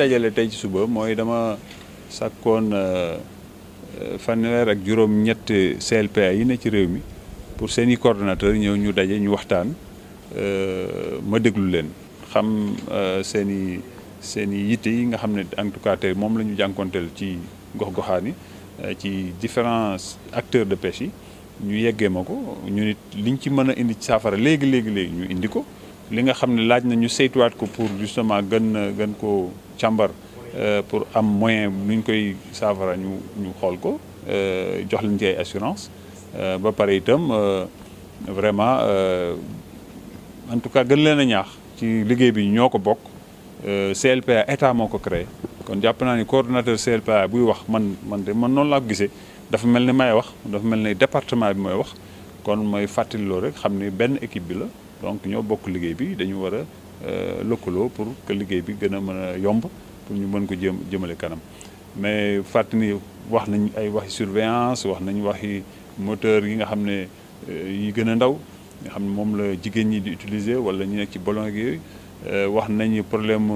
dajale tey ci suba mooy dama sàkkoon euh, euh, fanweer ak juróom ñett CLPA yi ne ci réew mi pour seen i coordonnateur ñëw ñu daje ñu waxtaan euh, ma déglu leen xam seen i seen i yitte yi nga xam ne en tout cas tey moom la ñu jànkonteel ci gox-goxaan yi ci différents acteur de pêche yi ñu yeggee ma ko ñu nit liñ ci mën a indi ci saafara léegi léegi léegi ñu indi ko li nga xam ne laaj na ñu saytuwaat ko pour justement gën gën ko càmbar euh, pour am moyen nu ñu koy saafara ñu ñu xool ko euh, jox leen ci ay assurance euh, ba pare itam vraiment en tout cas gën leen a ñaax ci liggéey bi ñoo ko bokk CLPA état moo ko créé kon jàpp naa ni coordonnateur CLPA buy wax man man de man noonu laa ko gisee dafa mel ni may wax dafa mel ni département bi mooy wax kon mooy fàttali loolu rek xam ni benn équipe bi la donc ñoo bokk liggéey bi dañu war Euh, lëkkaloo pour que liguey bi gëna mëna yomb pour ñu mëna ko jëm jëmale kanam mais fatini wax nañ ay waxi surveillance wax nañ waxi moteur yi nga xamné euh, yi gëna ndaw nga xamné mom la jigéen ñi di utiliser wala ñu nek ci ballon ak yooyu euh, wax nañ problème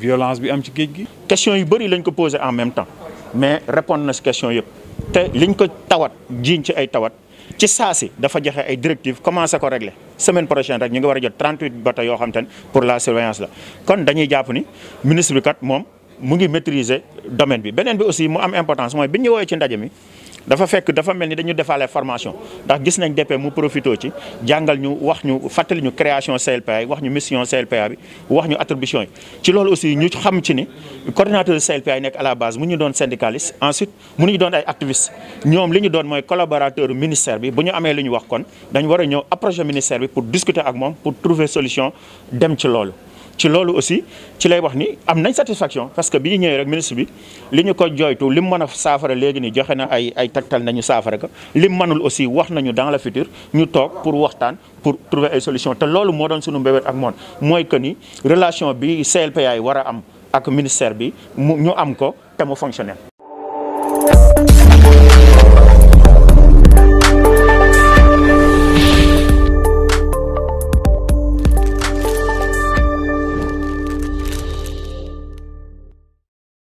violence bi am ci géej gi. question yu bari lañ ko poser en même temps mais répondre na si question yëpp té liñ ko tawat jiiñ ci ay tawat. ci saasi dafa joxe ay directives commencé ko régler semaine prochaine rek ñu ngi war a jot 38 bateaux yoo xam te pour la surveillance la kon dañuy jàpp ni ministre bi kat moom mu ngi maîtriser domaine bi beneen bi aussi mu am importance mooy bi ñu woowee ci ndaje mi dafa fekk dafa mel ni dañu defaale formation ndax gis nañ DP mu profito ci jàngal ñu wax ñu fàttali ñu création CLPA yi wax ñu mission CLPA bi wax ñu attribution yi ci loolu aussi ñu xam ci ni coordinateur CLPA yi nekk à la base mu ñu doon syndicaliste ensuite mu ñu doon ay activiste ñoom li ñu doon mooy collaborateur ministère bi bu ñu amee li ñu wax kon dañu war a ñëw approcher ministère bi pour discuter ak moom pour trouver solution dem ci loolu ci loolu aussi ci lay wax ni am nañ satisfaction parce que bi ñu ñëwee rek ministre bi li ñu ko jooytu lim mën saafara léegi ni joxe na ay ay tegtal nañu saafara ko lim mënul aussi wax nañu dans le futur ñu toog pour waxtaan pour trouver ay solution te loolu moo doon suñu mbébét ak moom mooy que ni relation bi CLPA yi war a am ak ministère bi mu ñu am ko te mu fonctionnel